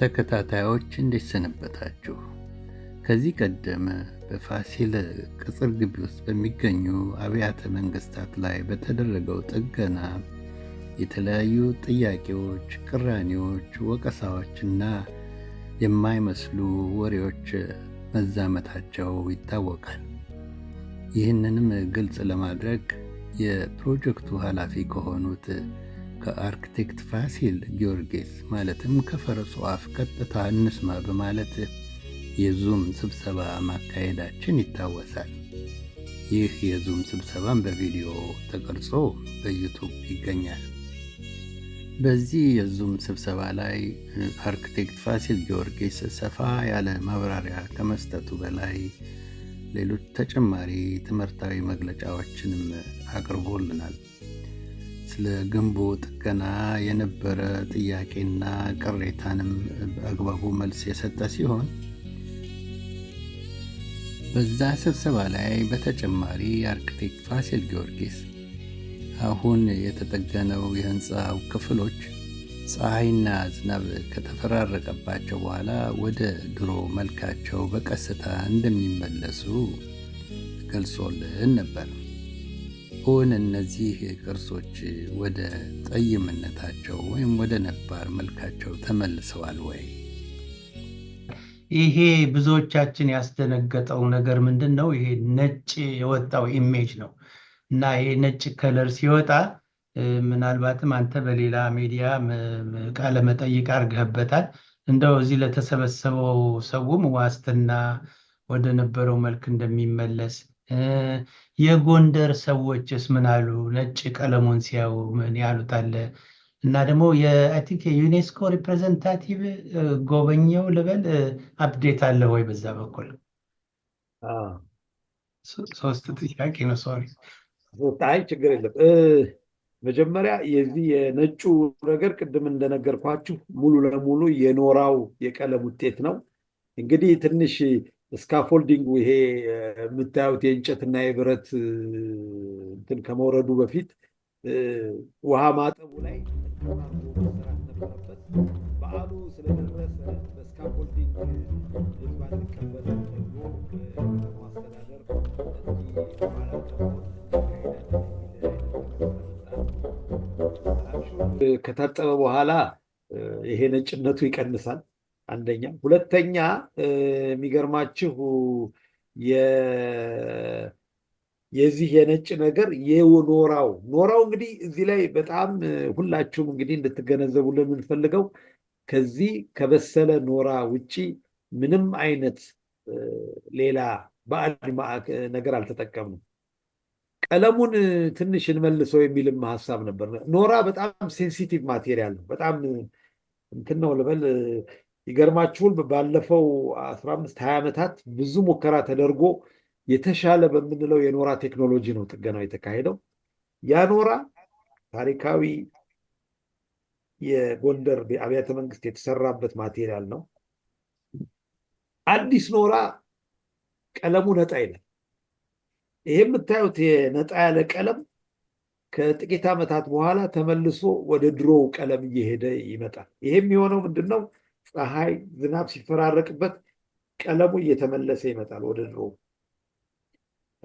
ተከታታዮች እንዴት ሰነበታችሁ? ከዚህ ቀደም በፋሲል ቅጽር ግቢ ውስጥ በሚገኙ አብያተ መንግስታት ላይ በተደረገው ጥገና የተለያዩ ጥያቄዎች፣ ቅራኔዎች፣ ወቀሳዎችና የማይመስሉ ወሬዎች መዛመታቸው ይታወቃል። ይህንንም ግልጽ ለማድረግ የፕሮጀክቱ ኃላፊ ከሆኑት ከአርክቴክት ፋሲል ጊዮርጊስ ማለትም ከፈረሱ አፍ ቀጥታ እንስማ በማለት የዙም ስብሰባ ማካሄዳችን ይታወሳል። ይህ የዙም ስብሰባን በቪዲዮ ተቀርጾ በዩቱብ ይገኛል። በዚህ የዙም ስብሰባ ላይ አርክቴክት ፋሲል ጊዮርጊስ ሰፋ ያለ ማብራሪያ ከመስጠቱ በላይ ሌሎች ተጨማሪ ትምህርታዊ መግለጫዎችንም አቅርቦልናል። ስለ ጥገና የነበረ ጥያቄና ቅሬታንም በአግባቡ መልስ የሰጠ ሲሆን በዛ ስብሰባ ላይ በተጨማሪ አርክቴክት ፋሲል ጊዮርጊስ አሁን የተጠገነው የህንፃው ክፍሎች ፀሐይና ዝናብ ከተፈራረቀባቸው በኋላ ወደ ድሮ መልካቸው በቀስታ እንደሚመለሱ ገልጾልን ነበር። አሁን እነዚህ ቅርሶች ወደ ጠይምነታቸው ወይም ወደ ነባር መልካቸው ተመልሰዋል ወይ? ይሄ ብዙዎቻችን ያስደነገጠው ነገር ምንድን ነው? ይሄ ነጭ የወጣው ኢሜጅ ነው እና ይሄ ነጭ ከለር ሲወጣ ምናልባትም አንተ በሌላ ሚዲያ ቃለ መጠይቅ አድርገህበታል። እንደው እዚህ ለተሰበሰበው ሰውም ዋስትና ወደ ነበረው መልክ እንደሚመለስ የጎንደር ሰዎችስ ምን አሉ? ነጭ ቀለሙን ሲያዩ ምን ያሉት አለ እና ደግሞ ቲንክ የዩኔስኮ ሪፕሬዘንታቲቭ ጎበኘው ልበል አፕዴት አለ ወይ በዛ በኩል? ሶስት ጥያቄ ነው። ሶሪ አይ ችግር የለም። መጀመሪያ የዚህ የነጩ ነገር ቅድም እንደነገርኳችሁ ሙሉ ለሙሉ የኖራው የቀለም ውጤት ነው። እንግዲህ ትንሽ ስካፎልዲንጉ ይሄ የምታዩት የእንጨትና የብረት እንትን ከመውረዱ በፊት ውሃ ማጠቡ ላይ መሰራት በዓሉ ስለደረሰ በስካፎልዲንግ ከታጠበ በኋላ ይሄ ነጭነቱ ይቀንሳል። አንደኛ። ሁለተኛ የሚገርማችሁ የዚህ የነጭ ነገር የኖራው ኖራው እንግዲህ እዚህ ላይ በጣም ሁላችሁም እንግዲህ እንድትገነዘቡ ለምንፈልገው ከዚህ ከበሰለ ኖራ ውጪ ምንም አይነት ሌላ ባዕድ ነገር አልተጠቀምንም። ቀለሙን ትንሽ እንመልሰው የሚልም ሀሳብ ነበር። ኖራ በጣም ሴንሲቲቭ ማቴሪያል ነው። በጣም እንትን ነው ልበል ይገርማችሁን ባለፈው 15 20 ዓመታት ብዙ ሙከራ ተደርጎ የተሻለ በምንለው የኖራ ቴክኖሎጂ ነው ጥገናው የተካሄደው። ያ ኖራ ታሪካዊ የጎንደር አብያተ መንግስት የተሰራበት ማቴሪያል ነው። አዲስ ኖራ ቀለሙ ነጣ ይላል። ይሄ የምታዩት የነጣ ያለ ቀለም ከጥቂት ዓመታት በኋላ ተመልሶ ወደ ድሮው ቀለም እየሄደ ይመጣል። ይሄ የሚሆነው ምንድን ነው? ፀሐይ፣ ዝናብ ሲፈራረቅበት ቀለሙ እየተመለሰ ይመጣል ወደ ድሮ።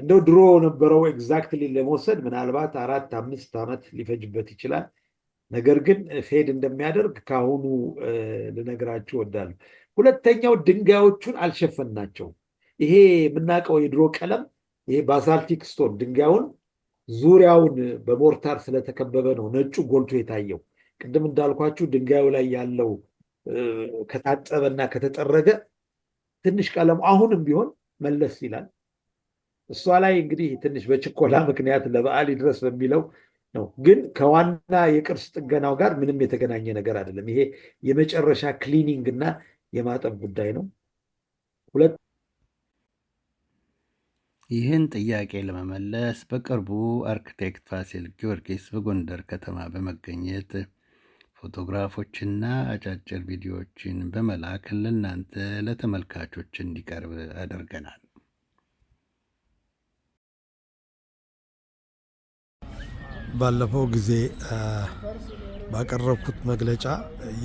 እንደው ድሮ ነበረው ኤግዛክትሊ ለመውሰድ ምናልባት አራት አምስት ዓመት ሊፈጅበት ይችላል። ነገር ግን ፌድ እንደሚያደርግ ከአሁኑ ልነግራችሁ ወዳሉ ሁለተኛው ድንጋዮቹን አልሸፈንናቸው ይሄ የምናውቀው የድሮ ቀለም ይሄ ባሳልቲክ ስቶን ድንጋዩን ዙሪያውን በሞርታር ስለተከበበ ነው ነጩ ጎልቶ የታየው። ቅድም እንዳልኳችሁ ድንጋዩ ላይ ያለው ከታጠበና ከተጠረገ ትንሽ ቀለሙ አሁንም ቢሆን መለስ ይላል። እሷ ላይ እንግዲህ ትንሽ በችኮላ ምክንያት ለበዓል ይድረስ በሚለው ነው። ግን ከዋና የቅርስ ጥገናው ጋር ምንም የተገናኘ ነገር አይደለም። ይሄ የመጨረሻ ክሊኒንግ እና የማጠብ ጉዳይ ነው። ሁለት ይህን ጥያቄ ለመመለስ በቅርቡ አርክቴክት ፋሲል ጊዮርጊስ በጎንደር ከተማ በመገኘት ፎቶግራፎችና አጫጭር ቪዲዮዎችን በመላክ ለእናንተ ለተመልካቾች እንዲቀርብ አድርገናል። ባለፈው ጊዜ ባቀረብኩት መግለጫ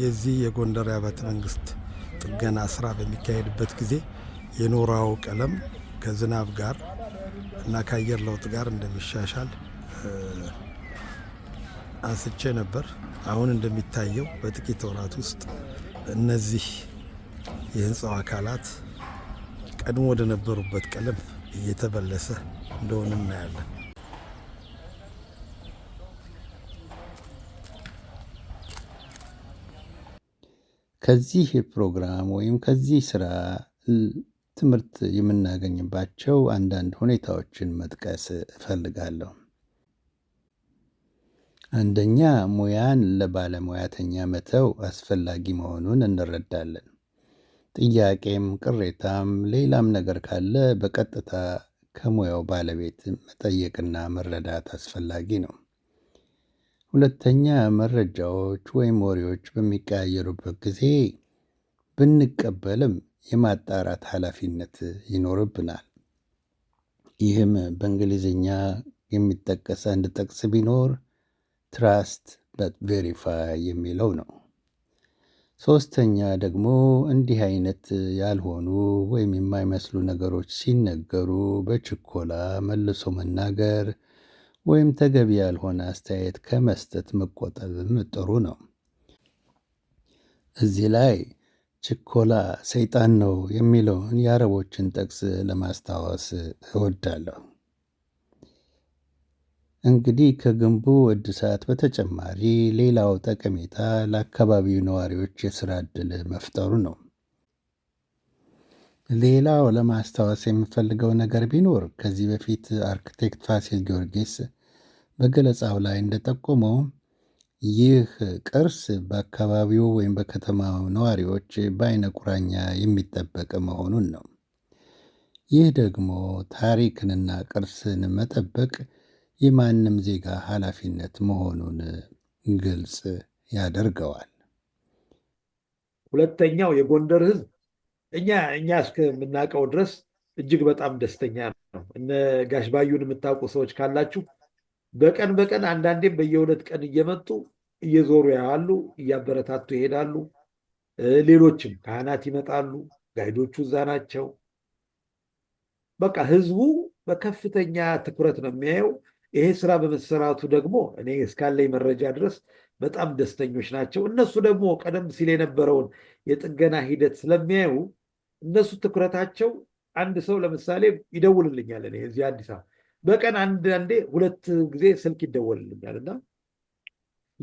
የዚህ የጎንደር አብያተ መንግስት ጥገና ስራ በሚካሄድበት ጊዜ የኖራው ቀለም ከዝናብ ጋር እና ከአየር ለውጥ ጋር እንደሚሻሻል አንስቼ ነበር። አሁን እንደሚታየው በጥቂት ወራት ውስጥ እነዚህ የህንፃው አካላት ቀድሞ ወደ ነበሩበት ቀለም እየተበለሰ እንደሆነ እናያለን። ከዚህ ፕሮግራም ወይም ከዚህ ስራ ትምህርት የምናገኝባቸው አንዳንድ ሁኔታዎችን መጥቀስ እፈልጋለሁ። አንደኛ ሙያን ለባለሙያተኛ መተው አስፈላጊ መሆኑን እንረዳለን። ጥያቄም ቅሬታም ሌላም ነገር ካለ በቀጥታ ከሙያው ባለቤት መጠየቅና መረዳት አስፈላጊ ነው። ሁለተኛ መረጃዎች ወይም ወሬዎች በሚቀያየሩበት ጊዜ ብንቀበልም የማጣራት ሀላፊነት ይኖርብናል። ይህም በእንግሊዝኛ የሚጠቀስ አንድ ጥቅስ ቢኖር ትራስት በት ቬሪፋይ የሚለው ነው። ሶስተኛ ደግሞ እንዲህ አይነት ያልሆኑ ወይም የማይመስሉ ነገሮች ሲነገሩ በችኮላ መልሶ መናገር ወይም ተገቢ ያልሆነ አስተያየት ከመስጠት መቆጠብም ጥሩ ነው። እዚህ ላይ ችኮላ ሰይጣን ነው የሚለውን የአረቦችን ጥቅስ ለማስታወስ እወዳለሁ። እንግዲህ ከግንቡ እድሳት በተጨማሪ ሌላው ጠቀሜታ ለአካባቢው ነዋሪዎች የስራ እድል መፍጠሩ ነው። ሌላው ለማስታወስ የምፈልገው ነገር ቢኖር ከዚህ በፊት አርክቴክት ፋሲል ጊዮርጊስ በገለጻው ላይ እንደጠቆመው ይህ ቅርስ በአካባቢው ወይም በከተማው ነዋሪዎች በአይነ ቁራኛ የሚጠበቅ መሆኑን ነው። ይህ ደግሞ ታሪክንና ቅርስን መጠበቅ የማንም ዜጋ ኃላፊነት መሆኑን ግልጽ ያደርገዋል። ሁለተኛው የጎንደር ህዝብ እኛ እኛ እስከምናውቀው ድረስ እጅግ በጣም ደስተኛ ነው። እነ ጋሽ ባዩን የምታውቁ ሰዎች ካላችሁ በቀን በቀን አንዳንዴም በየሁለት ቀን እየመጡ እየዞሩ ያሉ እያበረታቱ ይሄዳሉ። ሌሎችም ካህናት ይመጣሉ። ጋይዶቹ እዛ ናቸው። በቃ ህዝቡ በከፍተኛ ትኩረት ነው የሚያየው። ይሄ ስራ በመሰራቱ ደግሞ እኔ እስካለኝ መረጃ ድረስ በጣም ደስተኞች ናቸው። እነሱ ደግሞ ቀደም ሲል የነበረውን የጥገና ሂደት ስለሚያዩ እነሱ ትኩረታቸው አንድ ሰው ለምሳሌ ይደውልልኛል። እኔ እዚህ አዲስ አበባ በቀን አንዳንዴ ሁለት ጊዜ ስልክ ይደወልልኛል እና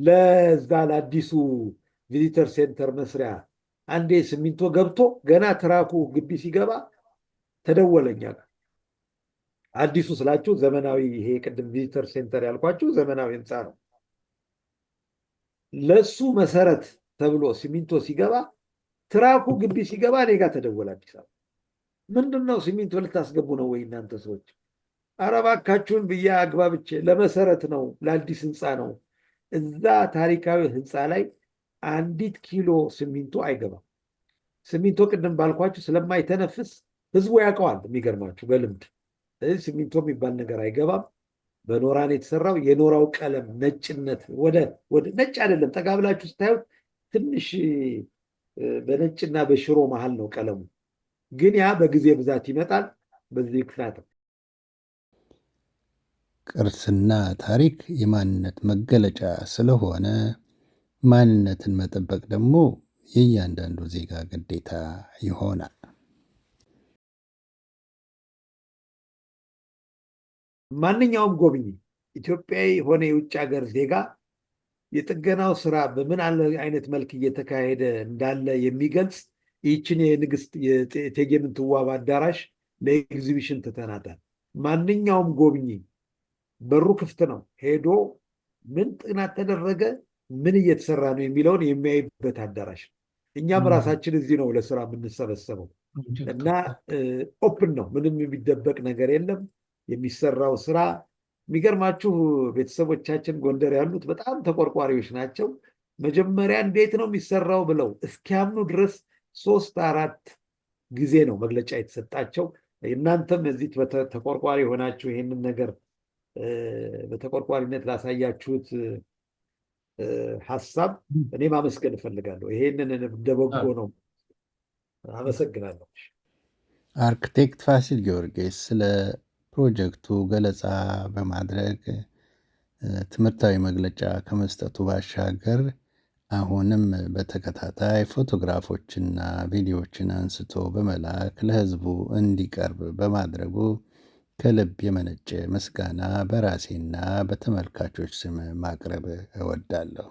ለዛ ለአዲሱ ቪዚተር ሴንተር መስሪያ አንዴ ሲሚንቶ ገብቶ ገና ትራኩ ግቢ ሲገባ ተደወለኛል። አዲሱ ስላችሁ ዘመናዊ ይሄ ቅድም ቪዚተር ሴንተር ያልኳችሁ ዘመናዊ ህንፃ ነው። ለሱ መሰረት ተብሎ ሲሚንቶ ሲገባ ትራኩ ግቢ ሲገባ እኔ ጋ ተደወለ። አዲስ አበባ ምንድን ነው ሲሚንቶ ልታስገቡ ነው ወይ እናንተ ሰዎች? አረባካችሁን እባካችሁን ብዬ አግባብቼ ለመሰረት ነው ለአዲስ ህንፃ ነው። እዛ ታሪካዊ ህንፃ ላይ አንዲት ኪሎ ሲሚንቶ አይገባም። ሲሚንቶ ቅድም ባልኳችሁ ስለማይተነፍስ ህዝቡ ያውቀዋል። የሚገርማችሁ በልምድ ሲሚንቶ የሚባል ነገር አይገባም። በኖራን የተሰራው የኖራው ቀለም ነጭነት ወደ ነጭ አይደለም። ጠጋብላችሁ ስታዩት ትንሽ በነጭና በሽሮ መሀል ነው ቀለሙ። ግን ያ በጊዜ ብዛት ይመጣል። በዚህ ክፍላት ቅርስና ታሪክ የማንነት መገለጫ ስለሆነ ማንነትን መጠበቅ ደግሞ የእያንዳንዱ ዜጋ ግዴታ ይሆናል። ማንኛውም ጎብኚ ኢትዮጵያዊ የሆነ የውጭ ሀገር ዜጋ የጥገናው ስራ በምን አይነት መልክ እየተካሄደ እንዳለ የሚገልጽ ይህችን የንግስት የእቴጌ ምንትዋብ አዳራሽ ለኤግዚቢሽን ትተናታል። ማንኛውም ጎብኚ በሩ ክፍት ነው፣ ሄዶ ምን ጥናት ተደረገ፣ ምን እየተሰራ ነው የሚለውን የሚያይበት አዳራሽ ነው። እኛም ራሳችን እዚህ ነው ለስራ የምንሰበሰበው እና ኦፕን ነው፣ ምንም የሚደበቅ ነገር የለም። የሚሰራው ስራ የሚገርማችሁ ቤተሰቦቻችን ጎንደር ያሉት በጣም ተቆርቋሪዎች ናቸው። መጀመሪያ እንዴት ነው የሚሰራው ብለው እስኪያምኑ ድረስ ሶስት አራት ጊዜ ነው መግለጫ የተሰጣቸው። እናንተም እዚህ ተቆርቋሪ የሆናችሁ ይህንን ነገር በተቆርቋሪነት ላሳያችሁት ሀሳብ እኔ ማመስገን እፈልጋለሁ። ይሄንን እንደበጎ ነው። አመሰግናለሁ። አርክቴክት ፋሲል ጊዮርጊስ ስለ ፕሮጀክቱ ገለጻ በማድረግ ትምህርታዊ መግለጫ ከመስጠቱ ባሻገር አሁንም በተከታታይ ፎቶግራፎችና ቪዲዮዎችን አንስቶ በመላክ ለህዝቡ እንዲቀርብ በማድረጉ ከልብ የመነጨ ምስጋና በራሴና በተመልካቾች ስም ማቅረብ እወዳለሁ